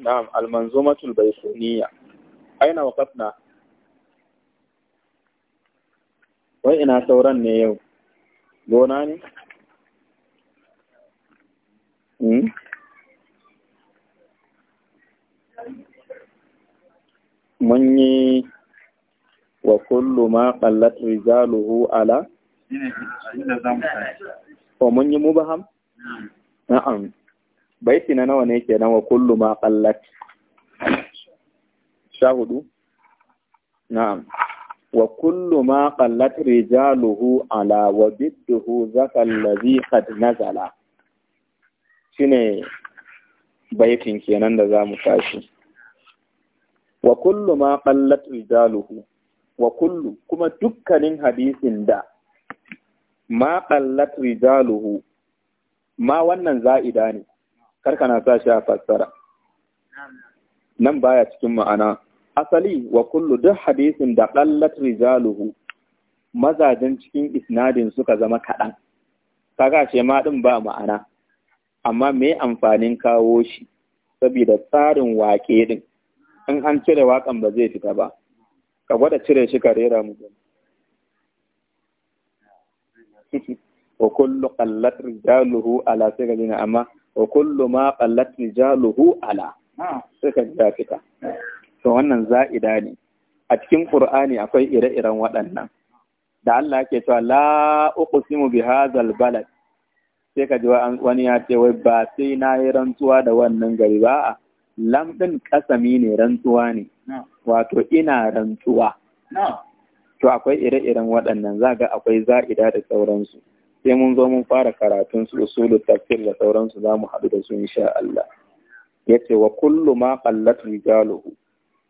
نعم المنظومة البيسونية أين وقفنا؟ وإنا ثورا نيو gona ne? Hmm? Mun yi wa kullu ma ƙallat rijaluhu ala? Wa oh, mun yi mubaham? Na'am. baiti na nawa ne kenan nawa kullu ma qallat sha hudu na'am wa kullu ma qallat rijaluhu ala wa bidduhu zaka allazi qad nazala shine baitin kenan da zamu tashi wa kullu ma qallat rijaluhu wa kullu kuma dukkanin hadisin da ma qallat rijaluhu ma wannan za'ida ne na sa shi a fassara nan baya cikin ma'ana asali wa kullu duk hadisin da dallat rijaluhu mazajen cikin isnadin suka zama kaɗan kaga ce ma din ba ma'ana amma me amfanin kawo shi saboda tsarin wake din in an cire wakan ba zai fita ba ka gwada cire shi ka rera mu wa kullu qallat rijaluhu ala sagalina amma wa kullu ma qallat rijaluhu ala suka ji fita to wannan za'ida ne a cikin qur'ani akwai ire-iren waɗannan da Allah yake cewa la uqsimu bi hadzal balad sai ka ji wani ya ce wai ba sai na yi rantsuwa da wannan gari ba lam din kasami ne rantsuwa ne wato ina rantsuwa to akwai ire-iren waɗannan zaga akwai za'ida da sauransu sai mun zo mun fara karatun su usulu tafsir da sauransu za mu haɗu da su insha Allah ya ce wa kullu ma qallat rijaluhu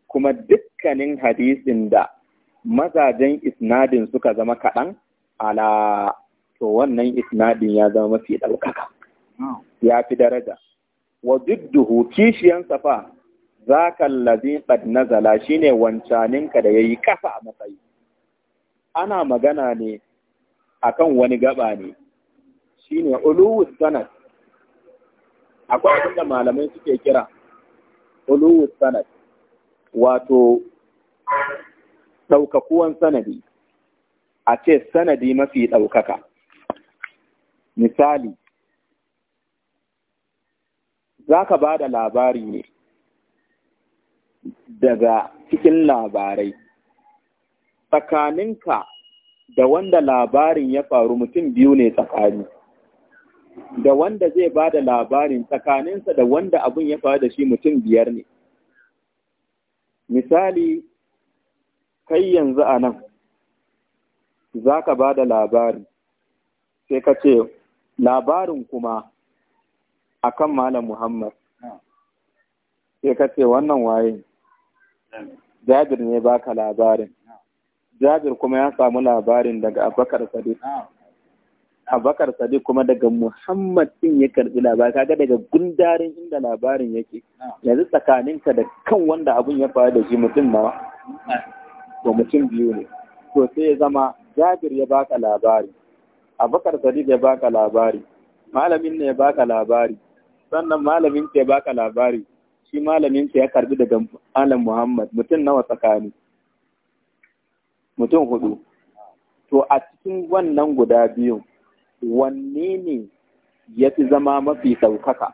kuma dukkanin hadisin da mazajen isnadin suka zama kaɗan ala to wannan isnadin ya zama mafi ɗaukaka ya fi daraja wa dudduhu kishiyan safa zaka allazi qad nazala shine wancaninka da yayi kafa a matsayi ana magana ne akan wani gaba ne shine uluwus sanad akwai abin da malamai suke kira uluwus sanad wato ɗaukakuwan sanadi a ce sanadi mafi ɗaukaka misali za ka ba da labari ne daga cikin labarai tsakaninka da wanda labarin ya faru mutum biyu ne tsakani da wanda zai ba da labarin tsakaninsa da wanda abin ya faru da shi mutum biyar ne misali kai yanzu a nan za ka ba da labarin? sai ka ce labarin kuma A kan malam muhammad sai ka ce wannan waye jabir ne baka labarin Jabir kuma ya samu labarin daga Abubakar Sadiq. Abubakar Sadiq kuma daga Muhammad din ya karbi labarin kaga daga gundarin inda labarin yake. Yanzu tsakaninka da kan wanda abun ya faru da shi mutum nawa. Wa mutum biyu ne. To sai ya zama Jabir ya baka labari. Abubakar Sadiq ya baka labari. Malamin ne ya baka labari. Sannan malamin ya baka labari. Shi malamin ya karbi daga Alan Muhammad mutum nawa tsakani. mutum hudu to a cikin wannan guda biyun wanne ne ya fi zama mafi ɗaukaka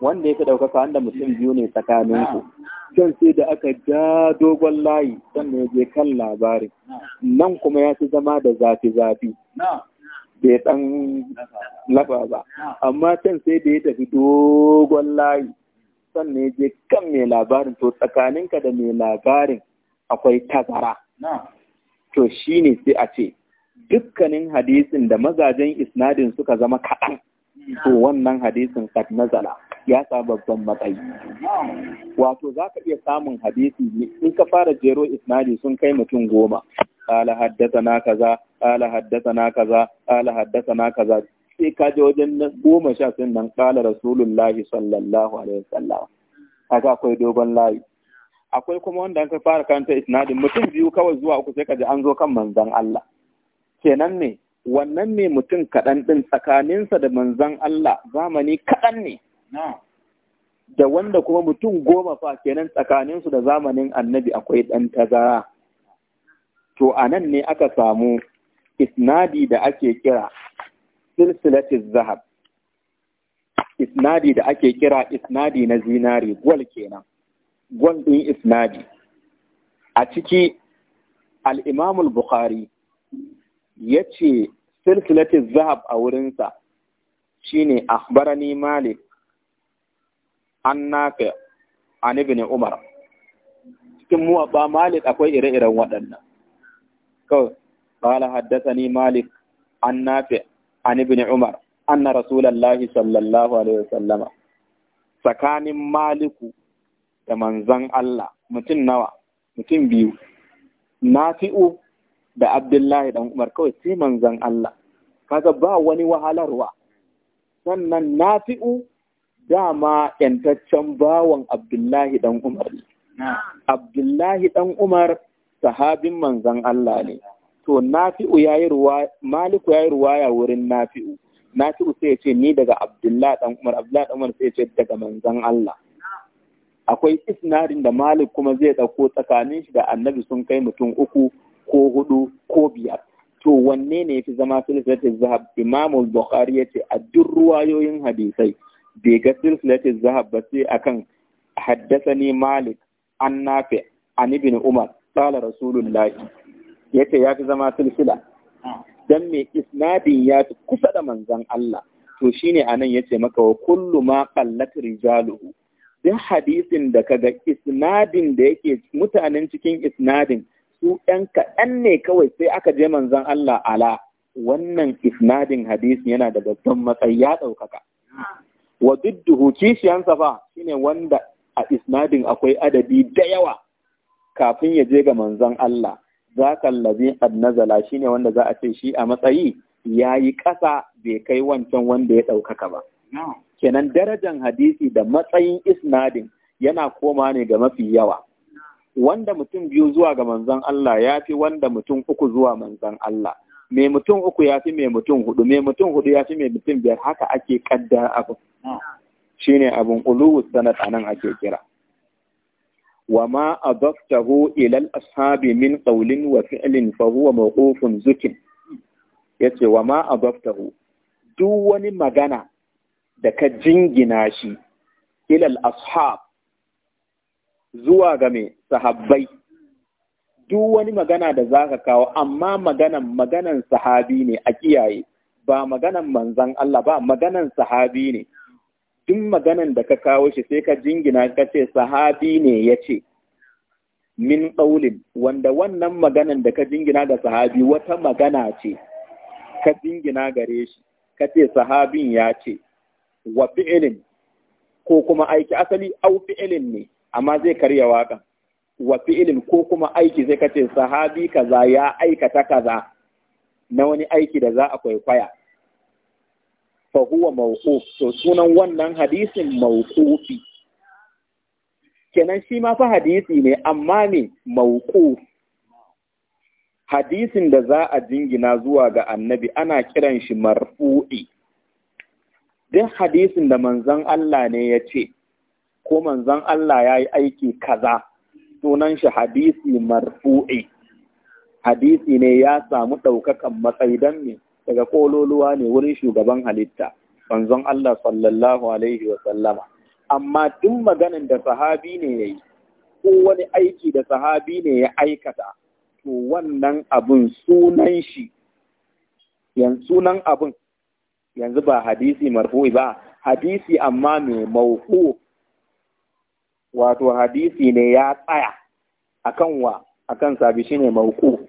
wanda ya fi ɗaukaka wanda mutum biyu ne tsakaninku can sai da aka ja dogon layi sannan ya je kan labarin nan kuma ya fi zama da zafi-zafi bai ɗan lafa ba amma can sai da ya tafi dogon layi sannan ya je kan mai labarin to tsakaninka da mai labarin akwai tazara. To shi ne sai a ce, dukkanin hadisin da mazajen isnadin suka zama kaɗan, to wannan hadisin kad nazala ya sa babban matsayi. Wato za ka iya samun hadisi ne, in ka fara jero isnadi sun kai mutum goma. Ala haddasa na kaza, ala haddasa na kaza, ala haddasa na kaza, sai ka je wajen goma sha sun nan ƙala Rasulullahi sallallahu alaihi wasallam. Haka akwai dogon layi. akwai kuma wanda aka fara kanta isnadin mutum biyu kawai zuwa uku sai kaji an zo kan manzan Allah kenan ne wannan ne mutum kaɗan ɗin tsakaninsa da manzan Allah zamani kaɗan ne da wanda kuma mutum goma fa kenan tsakaninsu da zamanin annabi akwai ɗan tazara to a nan ne aka samu isnadi da ake kira silsilatis zahab isnadi da ake kira isnadi na zinari gwal kenan gwandun isnadi a ciki al'imamul bukhari ya ce silsilatin zahab a wurinsa shine barani malik an naka an ibn umar cikin muwa ba malik akwai ire-iren waɗannan kawai قال haddasa ni Malik an عن ابن عمر Umar. رسول الله sallallahu alaihi عليه وسلم Tsakanin Maliku. da manzan Allah mutum nawa mutum biyu nafi'u da abdullahi dan umar kawai sai manzan Allah kaga ba wani wahalarwa sannan nafi'u dama yantaccen bawan abdullahi dan umar ne abdullahi dan umar sahabin manzan Allah ne to nafi'u yayi ruwa maliku yayi ruwaya wurin nafi'u nafi'u sai ya ce ni daga abdullahi dan umar abdullahi dan umar sai ya ce daga manzan Allah akwai isnadin da malik kuma zai ɗauko tsakanin shi da annabi sun kai mutum uku ko hudu ko biyar to wanne ne yafi zama silsilatul zahab imamu bukhari yace a duk ruwayoyin hadisai bai ga silsilatul zahab ba sai akan ne malik an nafi an ibn umar qala rasulullahi yace yafi zama silsila dan me isnadin ya kusa da manzan Allah to shine anan yace maka wa kullu ma qallat rijaluhu duk hadisin da kaga isnadin da yake mutanen cikin isnadin su ɗan kaɗan ne kawai sai aka je manzon Allah ala wannan isnadin hadisi yana da babban matsayi ya ɗaukaka. Wa dudduhu kishiyansa fa shine wanda a isnadin akwai adadi da yawa kafin ya je ga manzon Allah. Za kallabi shine wanda za a ce shi a matsayi ya yi ƙasa bai kai wancan wanda ya ɗaukaka ba. kenan darajan hadisi da matsayin isnadin yana koma ne ga mafi yawa wanda mutum biyu zuwa ga manzon Allah ya fi wanda mutum uku zuwa manzon Allah mai mutum uku ya fi mai mutum hudu mai mutum hudu ya fi mai mutum biyar haka ake kaddara abu Shi ne abin uluwus sanad nan ake kira wa ma adaftahu ila al-ashabi min qawlin wa fi'lin fa huwa mawqufun zukin yace wa ma adaftahu duk wani magana da ka jingina shi ilal ashab zuwa ga mai sahabbai duk wani magana da za ka kawo amma maganan maganan sahabi ne a kiyaye ba maganan manzan Allah ba maganan sahabi ne duk maganan da ka kawo shi sai ka jingina ka ce sahabi ne ya ce min ɗaulin wanda wannan maganan da ka jingina da sahabi wata magana ce ka jingina gare shi ka ce sahabin ya ce wa fi'ilin ko kuma aiki asali au fi'ilin ne amma zai karya waka wa fi'ilin ko kuma aiki zai kace sahabi kaza ya aikata kaza na wani aiki da za a kwaikwaya fa huwa mawquf to sunan wannan hadisin mawqufi kenan shi ma fa hadisi ne amma ne mawquf hadisin da za a jingina zuwa ga annabi ana kiran shi marfu'i duk hadisin da manzon Allah ne ya ce ko manzon Allah ya yi aiki kaza sunan shi hadisi marfu'i hadisi ne ya samu ɗaukakan matsayi don ne daga ƙololuwa ne wurin shugaban halitta manzon Allah sallallahu alaihi wa amma duk maganin da sahabi ne ya yi ko wani aiki da sahabi ne ya aikata to wannan abun sunan shi yan sunan abun yanzu ba hadisi marfu'i ba hadisi amma mai mauku wato hadisi ne ya tsaya akan wa akan sabi shine mauku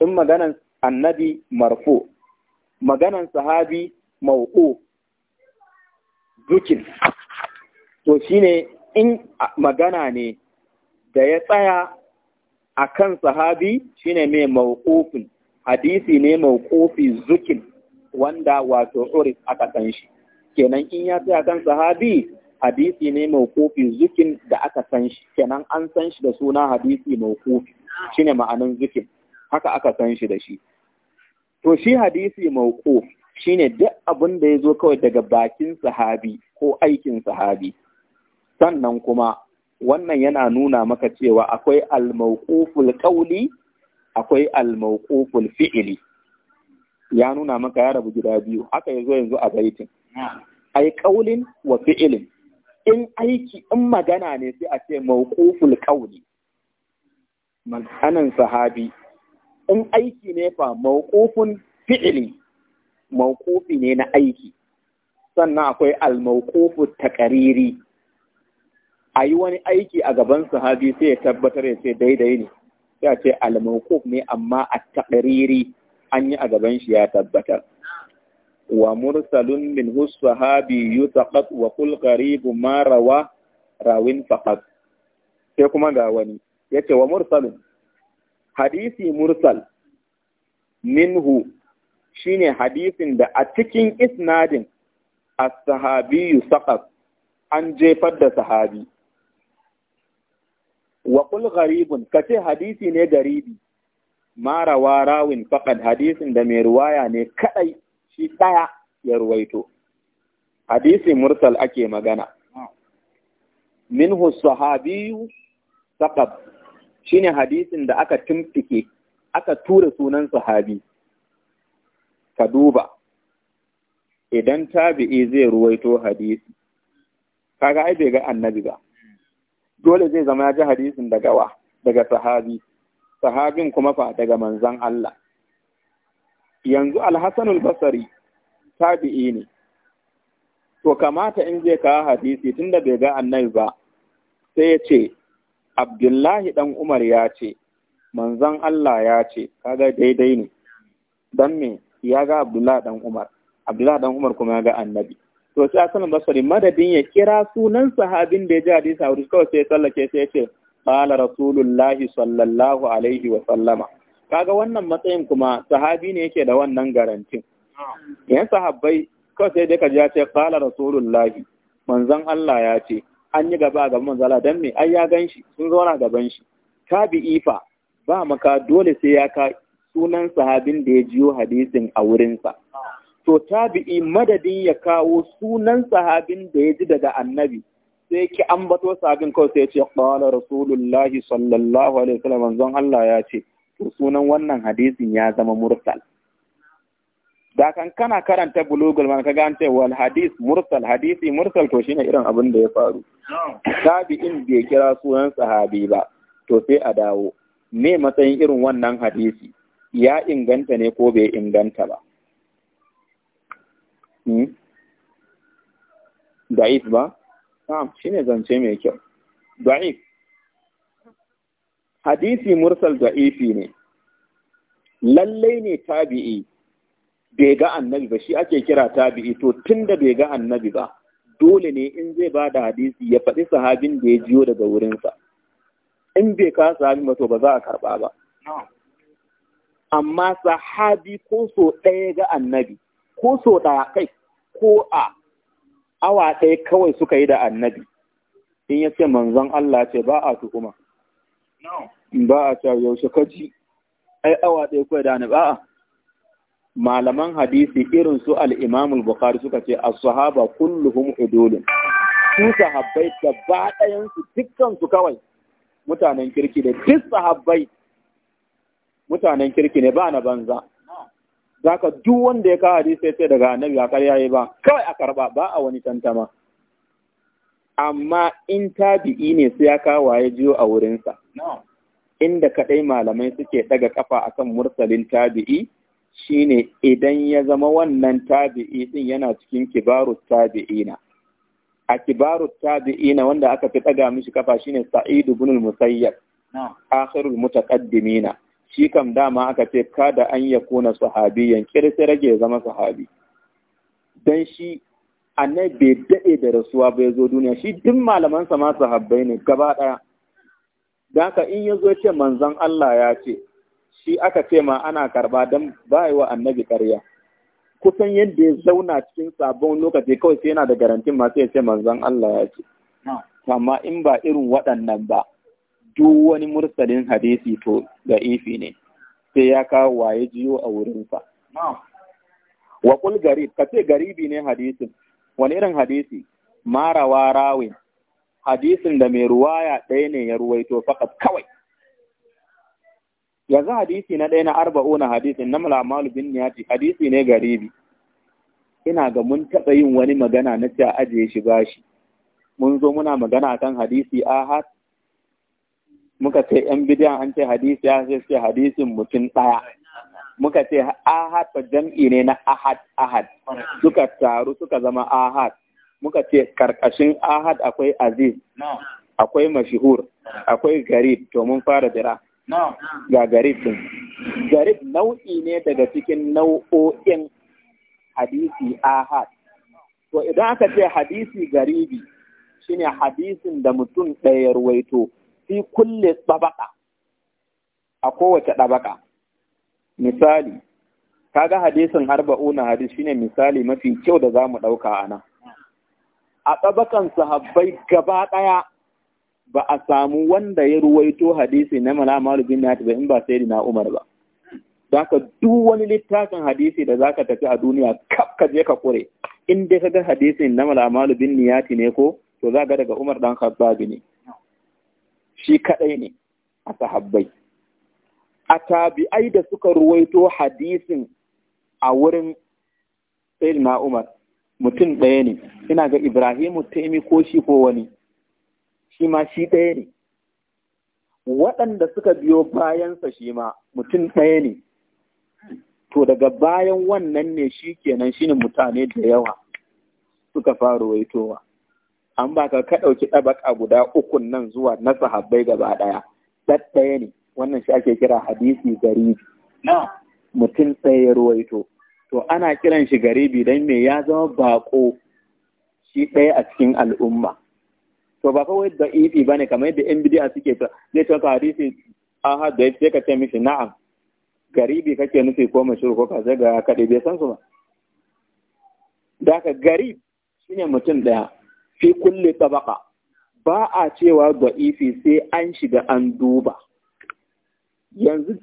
in maganan annabi marfu maganan sahabi mauku dukin to shine in magana ne da ya tsaya akan sahabi shine mai mauqufin hadisi ne mauqufi zukin wanda wato urif aka san shi kenan in ya tsaya kan sahabi hadisi ne mauqufi zukin da aka san shi kenan an san shi da suna hadisi mauqufi shine ma'anin zukin haka aka san shi da shi to shi hadisi kofi shine duk abin da yazo kawai daga bakin sahabi ko aikin sahabi sannan kuma wannan yana nuna maka cewa akwai al mawquful qawli akwai al mawquful fi'li ya nuna maka ya rabu gida biyu haka yazo yanzu a baitin ai ƙaunin wa fi'ilin in aiki in magana ne sai a ce mawquful qauli anan sahabi in aiki ne fa mawqufun fi'ili mawqufi ne na aiki sannan akwai al-mawqufu A ayi wani aiki a gaban sahabi sai ya tabbatar ya ce daidai ne sai a ce al ne amma a taƙariri. an yi a gaban shi ya tabbata wa mursalun min sahabi yutaqat wa qul qaribu ma rawa rawin faqat sai kuma ga wani yace wa mursalun hadisi mursal minhu shine hadisin da a cikin isnadin a sahabi saqat an jefar da sahabi wa kace hadisi ne garibi marawa rawin faƙad hadisin da mai ruwaya ne kaɗai shi ɗaya ya ruwaito. Hadisi mursal ake magana. Min Minhu sahabiyu saƙab shi ne hadisin da aka tumfike, aka tura sunan sahabi. Ka duba, idan tabi'i zai ruwaito hadisi, kaga ai bai ga annabi ba. Dole zai zama ya ji hadisin daga wa, daga sahabi. sahabin kuma fa daga manzan Allah yanzu alhassanul basari tabi'i ne to kamata in je kawo hadisi tunda bai ga annabi ba sai ya ce abdullahi dan umar ya ce manzan Allah ya ce kaga daidai ne don me ya ga abdullahi dan umar abdullahi dan umar kuma ya ga annabi to sai asalin basari madadin ya kira sunan sahabin da ya ji hadisi a wurin kawai sai ya tsallake sai ya ce qala rasulullahi sallallahu alaihi wa sallama kaga wannan matsayin kuma sahabi ne yake da wannan garantin yan sahabbai kawai sai dai ka ji ya ce qala rasulullahi manzon Allah ya ce an yi gaba ga manzala dan me ai ya ganshi sun zauna gaban shi tabi'i fa ba maka dole sai ya ka sunan sahabin da ya jiyo hadisin a wurinsa. To tabi'i madadin ya kawo sunan sahabin da ya ji daga annabi sai ki ambato sabin kawai sai ce ƙwala rasulullahi sallallahu alaihi wasallam manzon Allah ya ce to sunan wannan hadisin ya zama mursal da kan kana karanta bulugul man kaga an ce wal hadis mursal hadisi mursal to shine irin abin da ya faru tabi'in bai kira sunan sahabi ba to sai a dawo ne matsayin irin wannan hadisi ya inganta ne ko bai inganta ba hmm? da'if ba na'am shine zance mai kyau da'if hadisi mursal da'ifi ne lallai ne tabi'i bai ga annabi ba shi ake kira tabi'i to tunda bai ga annabi ba dole ne in zai ba da hadisi ya faɗi sahabin da ya jiyo daga wurinsa in bai kasa sahabi mato ba za a karɓa ba amma sahabi ko so ɗaya ga annabi ko so ɗaya kai ko a awa ɗaya kawai suka yi da annabi in ya ce manzon Allah ce ba a tukuma. ba a cewa yaushe kaji ai awa ɗaya kawai da annabi a'a malaman hadisi irin su al'imamul bukari bukhari suka ce a sahaba kulluhum idolin, su sahabbai da ba ɗayansu, dukkan kawai mutanen kirki da duk sahabbai mutanen kirki ne ba na banza zaka duk wanda ya ka hadisi ya ce daga annabi ba karya yi ba kawai a karba ba a wani tantama amma in tabi'i ne sai ya kawo ya jiyo a wurinsa inda kadai malamai suke ɗaga kafa akan mursalin tabi'i shine idan ya zama wannan tabi'i din yana cikin kibaru tabi'ina a kibaru tabi'ina wanda aka fi ɗaga mishi kafa shine sa'idu ibn al-musayyab akhirul mutaqaddimina shi kam dama aka ce kada an ya kuna sahabi kirsi rage zama sahabi don shi annai bai daɗe da rasuwa bai zo duniya shi duk malamansa ma sahabbai ne gaba ɗaya da haka in ya zo ce manzon Allah ya ce shi aka ce ma ana karba don ba wa annabi ƙarya kusan yadda ya zauna cikin sabon lokaci kawai sai yana da garantin masu ya ce manzon Allah ya ce amma in ba irin waɗannan ba duk wani mursalin hadisi to ga ifi ne sai ya kawo waye jiyo a wurinsa wa kul garib ka ce garibi ne hadisin wani irin hadisi marawa rawin hadisin da mai ruwaya ɗaya ne ya ruwaito fakat kawai yanzu hadisi na ɗaya na arba'una hadisin na malamalu bin niyati hadisi ne garibi ina ga mun taɓa yin wani magana na ce ajiye shi bashi mun zo muna magana kan hadisi ahad muka ce yan bidiyan an ce hadisi ya ce suke hadisin mutum ɗaya muka ce ahad fa jam'i ne na ahad ahad suka taru suka zama ahad muka ce ƙarƙashin ahad akwai aziz akwai mashihur akwai garib to mun fara jira ga garib din garib nau'i ne daga cikin nau'o'in hadisi ahad to idan aka ce hadisi garibi shine hadisin da mutum ɗaya ruwaito fi kulle tsabaka a kowace ɗabaka, misali kaga hadisin arba'una hadis shine misali mafi kyau da zamu ɗauka ana a tabakan sahabbai gaba ɗaya ba a samu wanda ya ruwaito hadisi na malamalu bin ba in ba sai na umar ba ka duk wani littafin hadisi da za ka tafi a duniya kaf ka je ka kure in dai kaga hadisin na malamalu bin niyati ne ko to za ga daga umar dan khattabi ne shi kaɗai ne a sahabbai a tabi'ai da suka ruwaito hadisin a wurin na Umar mutum ɗaya ne ina ga Ibrahimu Taimi ko shi ko wani shi ma shi ɗaya ne waɗanda suka biyo bayansa shi ma mutum ɗaya ne to daga bayan wannan ne shi kenan shine mutane da yawa suka fara waitowa an ba ka ɗauki ɗabaka guda ukun nan zuwa na sahabbai gaba ɗaya ɗaɗɗaya ne wannan shi ake kira hadisi garibi mutum tsaye ya ruwaito to ana kiran shi garibi don me ya zama bako shi ɗaya a cikin al'umma to ba kawai da ifi bane kamar yadda yan bidiya suke ta zai ta ka hadisi ahad da sai ka ce mishi na'am garibi kake nufi ko mashuru ko zai ga kaɗe bai san su ba da ka garib shine mutum ɗaya fi kulle tabaka ba a cewa ifi sai an shiga an duba yanzu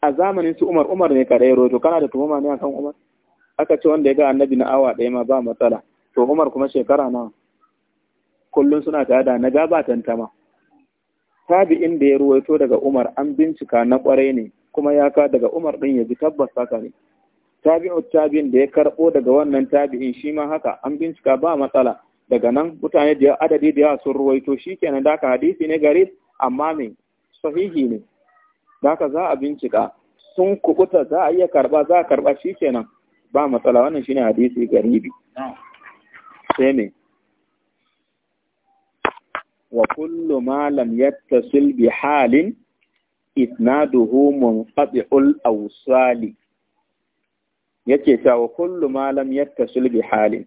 a zamanin su Umar Umar ne kare ya roto kana da tuhuma ne akan Umar aka ce wanda ya ga annabi na awa ɗaya ma ba matsala to Umar kuma shekara na. kullum suna tare da na gaba tantama tabi'in da ya ruwaito daga Umar an bincika na kwarai ne kuma ya ka daga Umar din ya ji tabbas haka ne tabi'u tabi'in da ya karbo daga wannan tabi'in shi ma haka an bincika ba matsala daga nan mutane da adadi da yawa sun ruwaito shi kenan da aka hadisi ne gare amma mai sahihi ne da aka za a bincika sun kubuta za a iya karba za a karba shi kenan ba matsala wannan shine hadisi garibi sai ne wa kullu ma lam yattasil bi halin isnaduhu munqati'ul awsali yake cewa kullu ma lam yattasil bi halin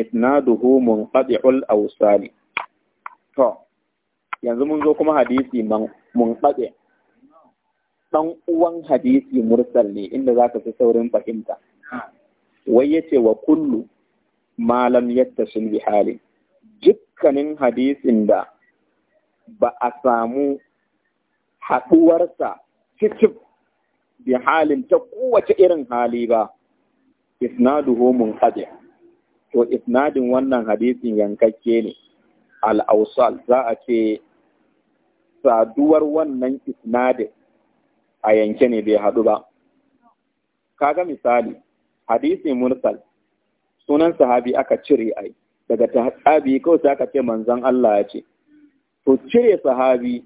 isnaduhu munqati'ul awsali to yanzu mun zo kuma hadisi munqati dan uwan hadisi mursal ne inda zaka fi saurin fahimta wai yace wa kullu ma lam yattasil bi hali dukkanin hadisin da ba a samu haɗuwarsa cikin bi halin ta kowace irin hali ba isnaduhu munqati' to isnadin wannan hadisin yankakke ne al'ausal za a ce saduwar wannan isnadin a yanke ne bai haɗu ba kaga misali hadisi mursal sunan sahabi aka cire ai daga sahabi kawai sai aka ce manzon Allah ya ce to cire sahabi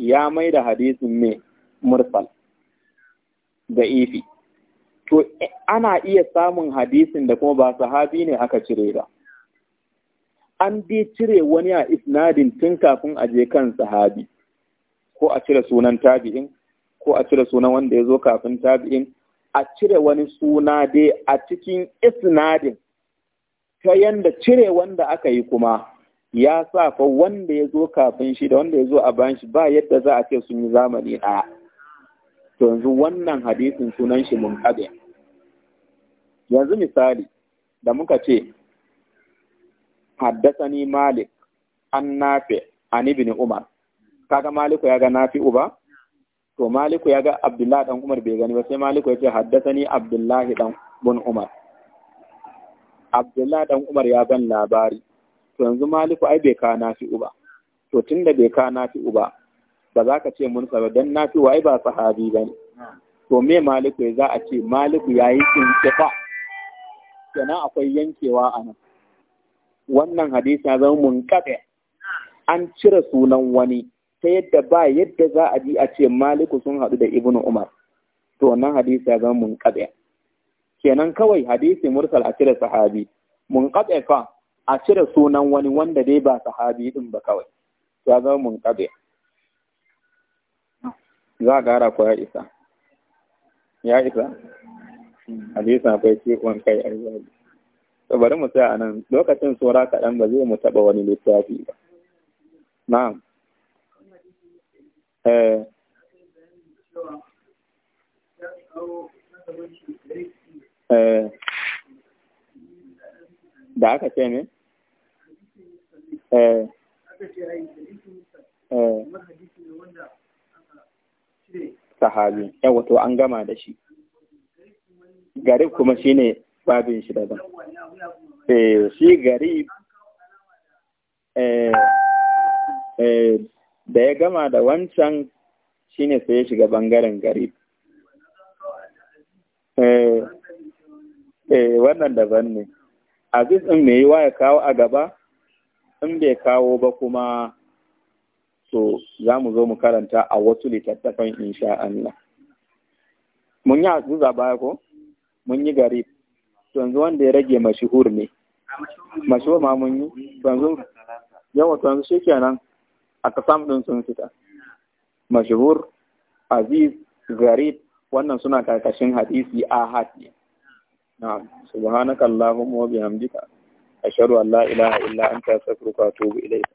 ya mai da hadisin me mursal da ifi to eh, ana iya samun hadisin da kuma ba sahabi ne aka cire ba an bi cire wani a isnadin tun kafin a kan sahabi ko a cire sunan tabi'in ko a cire sunan wanda ya zo kafin tabi'in a cire wani suna dai a cikin isnadin ta yanda cire wanda aka yi kuma ya sa fa wanda ya zo kafin shi da wanda ya zo a bayan shi ba yadda za a ce sun yi zamani a to yanzu wannan hadisin sunan shi munkabe yanzu misali da muka ce haddasani malik an nafe an ibn umar kaga maliku ya ga nafi uba? to maliku ya ga abdullahi dan umar bai gani ba sai maliku ya ce haddasani abdullahi dan bun umar abdullahi dan umar ya ban labari to yanzu maliku ai bai ka nafi uba? to tunda bai ka nafi uba, ba za ka ce mun don dan nafi'u ai ba sahabi bane to me maliku ya za a ce maliku yayi intifa kenan akwai yankewa a nan wannan hadisi ya zama kaɗe, an cire sunan wani ta yadda ba yadda za a ji a ce maliku sun haɗu da Ibn umar to wannan hadisi ya zama kaɗe. kenan kawai hadisi mursal a cire sahabi Mun kaɗe fa a cire sunan wani wanda dai ba sahabi din ba kawai ya zama kaɗe. za a gara ko ya isa ya isa hadisin akwai ciwon kai a yi to bari mu saya a nan lokacin tsora kaɗan ba zai mu taɓa wani littafi ba na'am eh. Eh. da aka ce ne eh. sahabi yawa to an gama da shi garib kuma shi ne babin shi daban eh, shi garib eh, eh, da ya gama da wancan ne sai ya shiga bangaren garib wannan daban ne aziz ɗin me yiwa ya kawo a gaba in bai kawo ba kuma so za mu zo mu karanta a wasu littattafan insha Allah mun yi a baya ko mun yi gari to yanzu wanda ya rage mashuhur ne Mashuhur ma mun yi yanzu yawa to yanzu shikenan a kasam din sun fita Mashuhur, aziz garib wannan suna karkashin hadisi ahad ne na'am subhanakallahumma wa bihamdika ashhadu an la ilaha illa anta astaghfiruka wa atubu ilayk